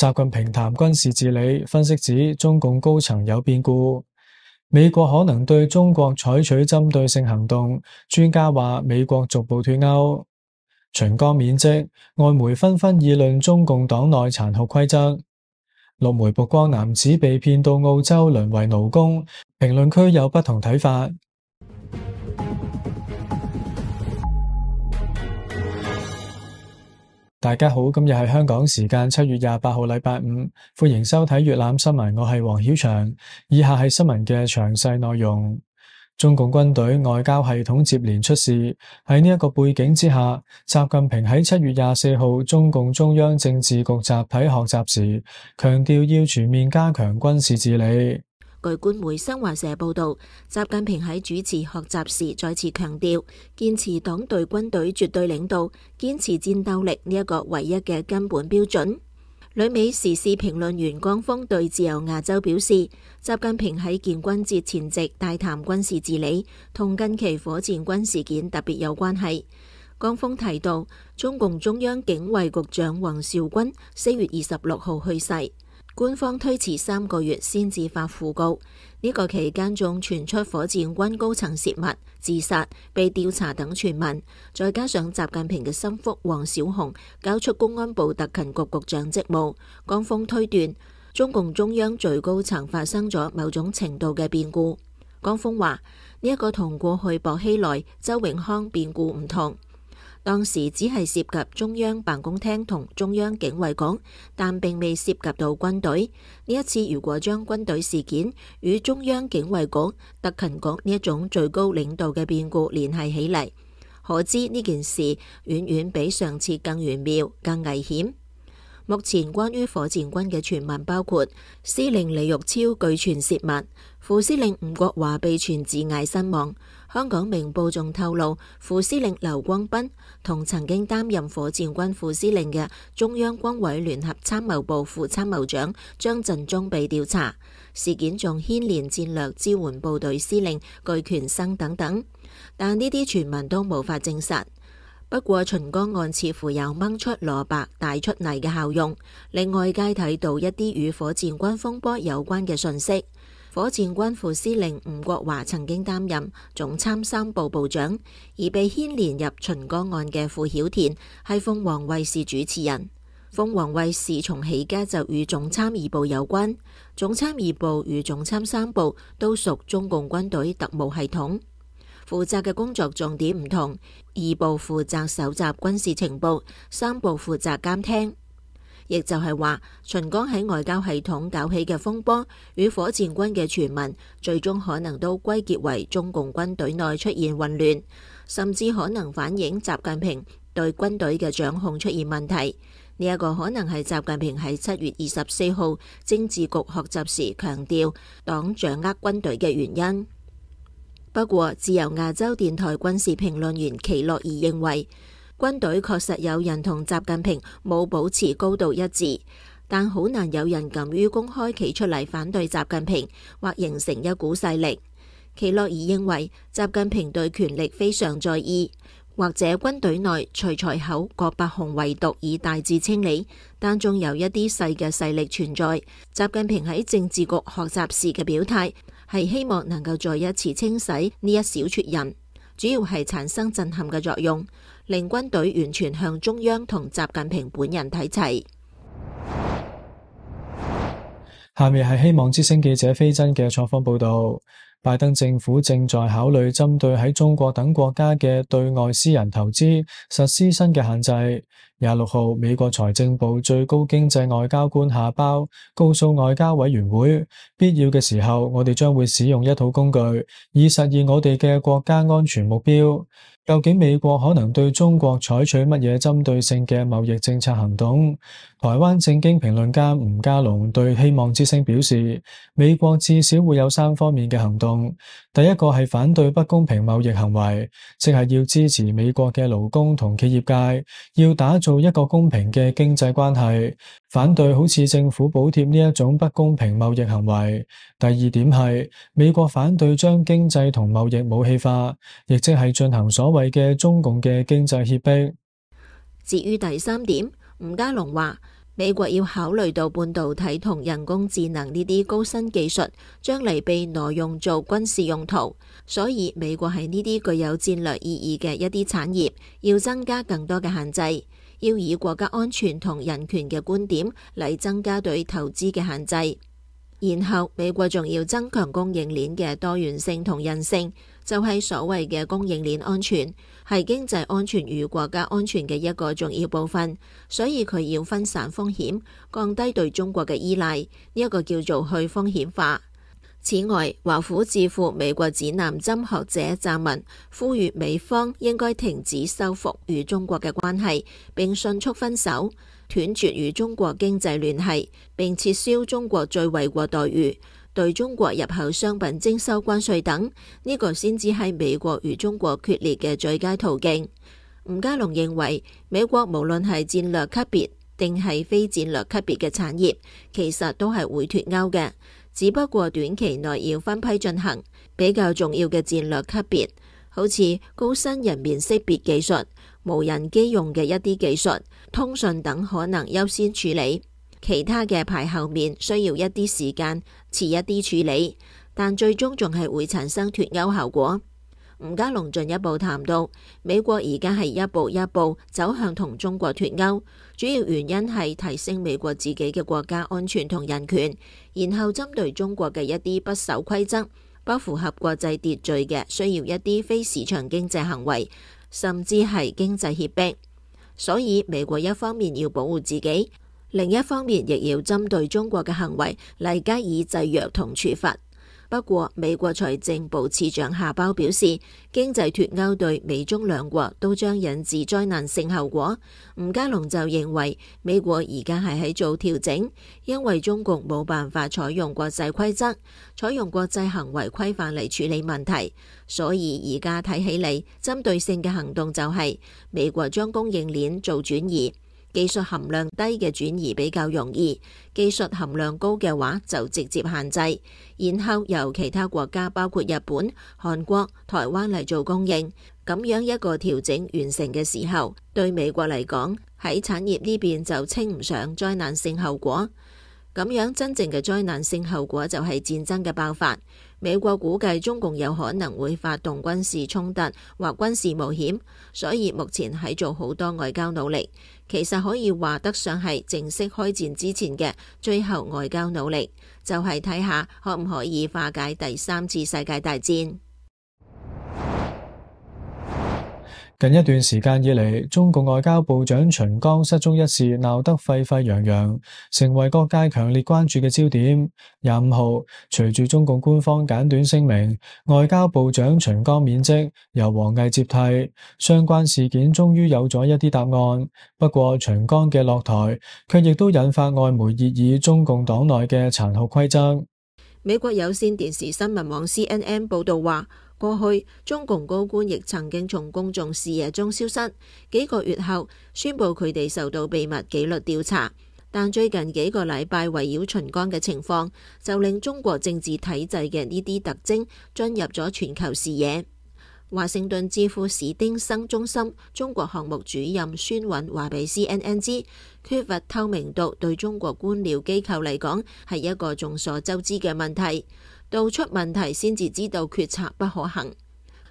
習近平談軍事治理，分析指中共高層有變故，美國可能對中國採取針對性行動。專家話美國逐步脫鉤，秦剛免職，外媒紛紛議論中共黨內殘酷規則。陸媒曝光男子被騙到澳洲淪為奴工，評論區有不同睇法。大家好，今日係香港時間七月廿八號禮拜五，歡迎收睇粵覽新聞，我係黃曉翔。以下係新聞嘅詳細內容：中共軍隊外交系統接連出事，喺呢一個背景之下，習近平喺七月廿四號中共中央政治局集體學習時，強調要全面加強軍事治理。據官媒新華社報道，習近平喺主持學習時再次強調，堅持黨對軍隊絕對領導，堅持戰鬥力呢一個唯一嘅根本標準。旅美時事評論員江峰對自由亞洲表示，習近平喺建軍節前夕大談軍事治理，同近期火箭軍事件特別有關係。江峰提到，中共中央警衛局局長王少軍四月二十六號去世。官方推遲三個月先至發訃告，呢個期間仲傳出火箭軍高層洩密、自殺、被調查等傳聞，再加上習近平嘅心腹王小洪交出公安部特勤局局長職務，江峰推斷中共中央最高層發生咗某種程度嘅變故。江峰話：呢一個同過去薄熙來、周永康變故唔同。當時只係涉及中央辦公廳同中央警衛局，但並未涉及到軍隊。呢一次如果將軍隊事件與中央警衛局、特勤局呢一種最高領導嘅變故聯繫起嚟，可知呢件事遠遠比上次更玄妙、更危險。目前關於火箭軍嘅傳聞包括司令李玉超據傳泄密、副司令吳國華被傳自縊身亡。香港明報仲透露，副司令劉光斌同曾經擔任火箭軍副司令嘅中央軍委聯合參謀部副參謀長張振中被調查。事件仲牽連戰略支援部隊司令巨乾生等等，但呢啲傳聞都無法證實。不過秦剛案似乎有掹出蘿蔔帶出泥嘅效用，另外皆睇到一啲與火箭軍風波有關嘅訊息。火箭軍副司令吳國華曾經擔任總參三部部長，而被牽連入秦剛案嘅傅曉田係鳳凰衛視主持人。鳳凰衛視從起家就與總參二部有關，總參二部與總參三部都屬中共軍隊特務系統。負責嘅工作重點唔同，二部負責搜集軍事情報，三部負責監聽。亦就係話，秦剛喺外交系統搞起嘅風波，與火箭軍嘅傳聞，最終可能都歸結為中共軍隊內出現混亂，甚至可能反映習近平對軍隊嘅掌控出現問題。呢一個可能係習近平喺七月二十四號政治局學習時強調黨掌握軍隊嘅原因。不過，自由亞洲電台軍事評論員奇洛爾認為，軍隊確實有人同習近平冇保持高度一致，但好難有人敢於公開企出嚟反對習近平，或形成一股勢力。奇洛爾認為，習近平對權力非常在意。或者軍隊內徐才厚、郭伯雄，餘毒已大致清理，但仲有一啲細嘅勢力存在。習近平喺政治局學習時嘅表態，係希望能夠再一次清洗呢一小撮人，主要係產生震撼嘅作用，令軍隊完全向中央同習近平本人睇齊。下面係希望之聲記者飛真嘅採訪報道。拜登政府正在考慮針對喺中國等國家嘅對外私人投資實施新嘅限制。廿六號，美國財政部最高經濟外交官夏包告訴外交委員會，必要嘅時候，我哋將會使用一套工具，以實現我哋嘅國家安全目標。究竟美國可能對中國採取乜嘢針對性嘅貿易政策行動？台灣政經評論家吳家龍對希望之聲表示，美國至少會有三方面嘅行動。第一個係反對不公平貿易行為，即係要支持美國嘅勞工同企業界，要打造一個公平嘅經濟關係，反對好似政府補貼呢一種不公平貿易行為。第二點係美國反對將經濟同貿易武器化，亦即係進行所謂嘅中共嘅經濟脅迫。至於第三點，吳家龍話，美國要考慮到半導體同人工智能呢啲高新技術將嚟，被挪用做軍事用途，所以美國喺呢啲具有戰略意義嘅一啲產業要增加更多嘅限制，要以國家安全同人權嘅觀點嚟增加對投資嘅限制。然後美國仲要增強供應鏈嘅多元性同韌性。就係所謂嘅供應鏈安全，係經濟安全與國家安全嘅一個重要部分，所以佢要分散風險，降低對中國嘅依賴，呢一個叫做去風險化。此外，華府智庫美國指南針學者撰文呼籲美方應該停止修復與中國嘅關係，並迅速分手，斷絕與中國經濟聯繫，並撤銷中國最惠國待遇。對中國入口商品徵收關稅等，呢、這個先至係美國與中國決裂嘅最佳途徑。吳家龍認為，美國無論係戰略級別定係非戰略級別嘅產業，其實都係會脫鈎嘅，只不過短期內要分批進行。比較重要嘅戰略級別，好似高新人面識別技術、無人機用嘅一啲技術、通訊等，可能優先處理。其他嘅排後面需要一啲時間，遲一啲處理，但最終仲係會產生脫鈎效果。吳嘉隆進一步談到，美國而家係一步一步走向同中國脫鈎，主要原因係提升美國自己嘅國家安全同人權，然後針對中國嘅一啲不守規則、不符合國際秩序嘅，需要一啲非市場經濟行為，甚至係經濟脅迫。所以美國一方面要保護自己。另一方面，亦要針對中國嘅行為，嚟加以制約同處罰。不過，美國財政部次長夏包表示，經濟脫鈎對美中兩國都將引致災難性後果。吳家龍就認為，美國而家係喺做調整，因為中共冇辦法採用國際規則，採用國際行為規範嚟處理問題，所以而家睇起嚟，針對性嘅行動就係、是、美國將供應鏈做轉移。技術含量低嘅轉移比較容易，技術含量高嘅話就直接限制，然後由其他國家包括日本、韓國、台灣嚟做供應，咁樣一個調整完成嘅時候，對美國嚟講喺產業呢邊就稱唔上災難性後果，咁樣真正嘅災難性後果就係戰爭嘅爆發。美國估計中共有可能會發動軍事衝突或軍事冒險，所以目前喺做好多外交努力。其實可以話得上係正式開戰之前嘅最後外交努力，就係睇下可唔可以化解第三次世界大戰。近一段時間以嚟，中共外交部長秦剛失蹤一事鬧得沸沸揚揚，成為各界強烈關注嘅焦點。廿五號，隨住中共官方簡短聲明，外交部長秦剛免職，由王毅接替，相關事件終於有咗一啲答案。不過秦，秦剛嘅落台卻亦都引發外媒熱議中共黨內嘅殘酷規則。美國有線電視新聞網 C N N 報道話，過去中共高官亦曾經從公眾視野中消失，幾個月後宣布佢哋受到秘密紀律調查，但最近幾個禮拜圍繞秦剛嘅情況就令中國政治體制嘅呢啲特徵進入咗全球視野。華盛頓智庫史丁生中心中國項目主任孫韻話俾 CNN 知，缺乏透明度對中國官僚機構嚟講係一個眾所周知嘅問題。到出問題先至知道決策不可行，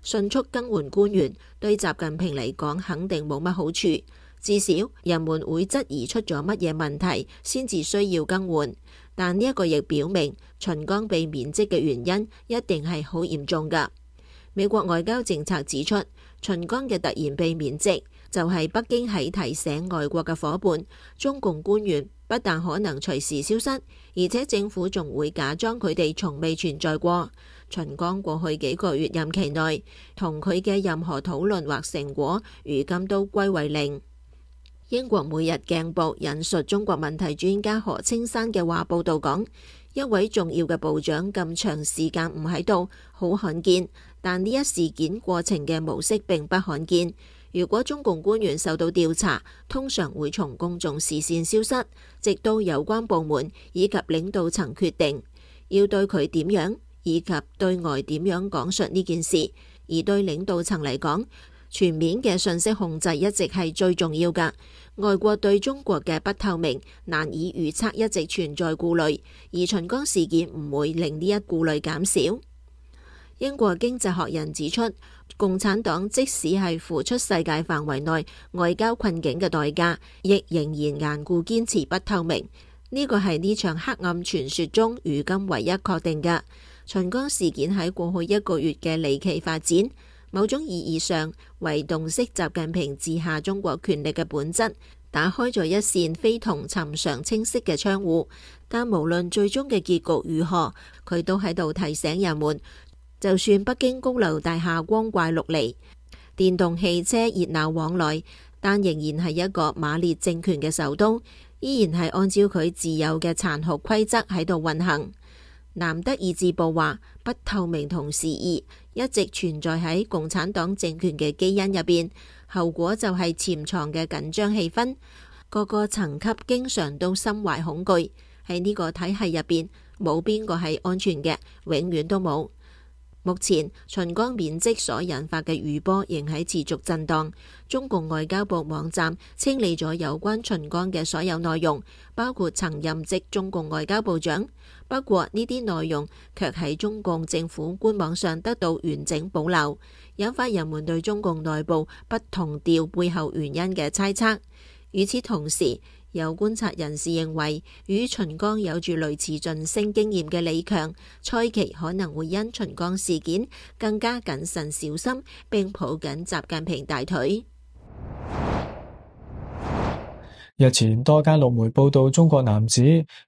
迅速更換官員對習近平嚟講肯定冇乜好處，至少人們會質疑出咗乜嘢問題先至需要更換。但呢一個亦表明秦剛被免職嘅原因一定係好嚴重㗎。美國外交政策指出，秦剛嘅突然被免職，就係北京喺提醒外國嘅伙伴，中共官員不但可能隨時消失，而且政府仲會假裝佢哋從未存在過。秦剛過去幾個月任期內，同佢嘅任何討論或成果，如今都歸為零。英國每日鏡報引述中國問題專家何青山嘅話報導講：一位重要嘅部長咁長時間唔喺度，好罕見，但呢一事件過程嘅模式並不罕見。如果中共官員受到調查，通常會從公眾視線消失，直到有關部門以及領導層決定要對佢點樣，以及對外點樣講述呢件事。而對領導層嚟講，全面嘅信息控制一直係最重要噶。外國對中國嘅不透明、難以預測一直存在顧慮，而秦剛事件唔會令呢一顧慮減少。英國經濟學人指出，共產黨即使係付出世界範圍內外交困境嘅代價，亦仍然頑固堅持不透明。呢個係呢場黑暗傳說中如今唯一確定嘅。秦剛事件喺過去一個月嘅離奇發展，某種意義上為洞悉習近平治下中國權力嘅本質，打開咗一扇非同尋常清晰嘅窗戶。但無論最終嘅結局如何，佢都喺度提醒人們，就算北京高樓大廈光怪陸離，電動汽車熱鬧往來，但仍然係一個馬列政權嘅首都，依然係按照佢自有嘅殘酷規則喺度運行。南德意志報話，不透明同時意一直存在喺共產黨政權嘅基因入邊，後果就係潛藏嘅緊張氣氛，各個層級經常都心懷恐懼，喺呢個體系入邊，冇邊個係安全嘅，永遠都冇。目前秦剛免職所引發嘅餘波仍喺持續震盪，中共外交部網站清理咗有關秦剛嘅所有內容，包括曾任職中共外交部長，不過呢啲內容卻喺中共政府官網上得到完整保留，引發人們對中共內部不同調背後原因嘅猜測，與此同時，有觀察人士認為，與秦剛有住類似晉升經驗嘅李強、蔡奇可能會因秦剛事件更加謹慎小心，並抱緊習近平大腿。日前多家陸媒報道中國男子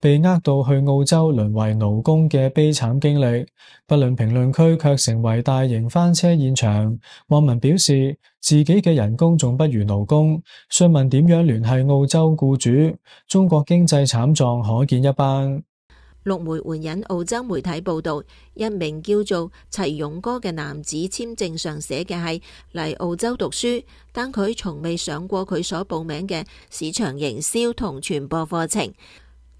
被呃到去澳洲淪為奴工嘅悲慘經歷，不論評論區卻成為大型翻車現場。網民表示自己嘅人工仲不如奴工，詢問點樣聯繫澳洲僱主。中國經濟慘狀可見一斑。陸媒援引澳洲媒體報道，一名叫做齊勇哥嘅男子簽證上寫嘅係嚟澳洲讀書，但佢從未上過佢所報名嘅市場營銷同傳播課程。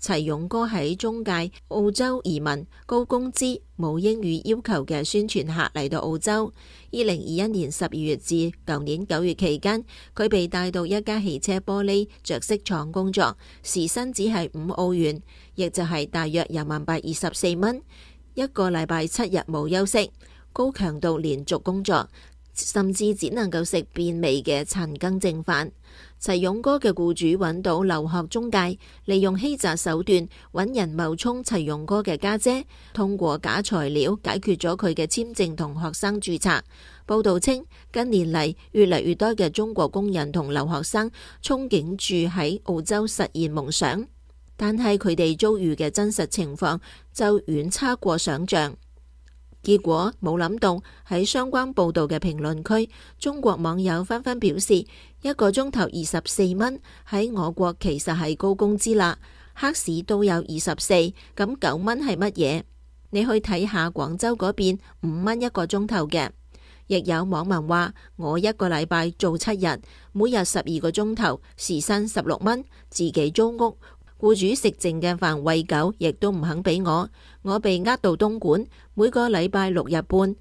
齊勇哥喺中介澳洲移民，高工資、冇英語要求嘅宣傳客嚟到澳洲。二零二一年十二月至舊年九月期間，佢被帶到一家汽車玻璃着色廠工作，時薪只係五澳元，亦就係大約人民幣二十四蚊，2, 24, 一個禮拜七日冇休息，高強度連續工作。甚至只能夠食變味嘅殘羹剩飯。齊勇哥嘅僱主揾到留學中介，利用欺詐手段揾人冒充齊勇哥嘅家姐，通過假材料解決咗佢嘅簽證同學生注冊。報道稱，近年嚟越嚟越多嘅中國工人同留學生憧憬住喺澳洲實現夢想，但係佢哋遭遇嘅真實情況就遠差過想象。結果冇諗到喺相關報道嘅評論區，中國網友紛紛表示：一個鐘頭二十四蚊喺我國其實係高工資啦，黑市都有二十四，咁九蚊係乜嘢？你去睇下廣州嗰邊五蚊一個鐘頭嘅，亦有網民話：我一個禮拜做七日，每日十二個鐘頭，時薪十六蚊，自己租屋。僱主食剩嘅飯餵狗，亦都唔肯俾我。我被呃到東莞，每個禮拜六日半，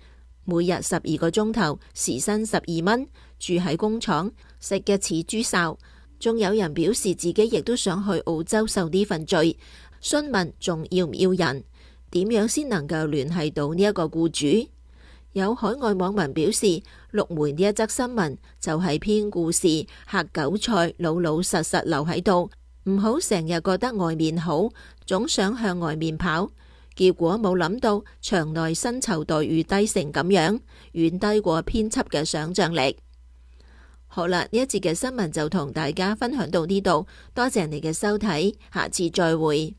每日十二個鐘頭，時薪十二蚊，住喺工廠，食嘅似豬潲。仲有人表示自己亦都想去澳洲受呢份罪。詢問仲要唔要人，點樣先能夠聯繫到呢一個僱主？有海外網民表示，陸媒呢一則新聞就係編故事，嚇韭菜，老老實實留喺度。唔好成日覺得外面好，總想向外面跑，結果冇諗到牆內薪酬待遇低成咁樣，遠低過編輯嘅想象力。好啦，呢一節嘅新聞就同大家分享到呢度，多謝你嘅收睇，下次再會。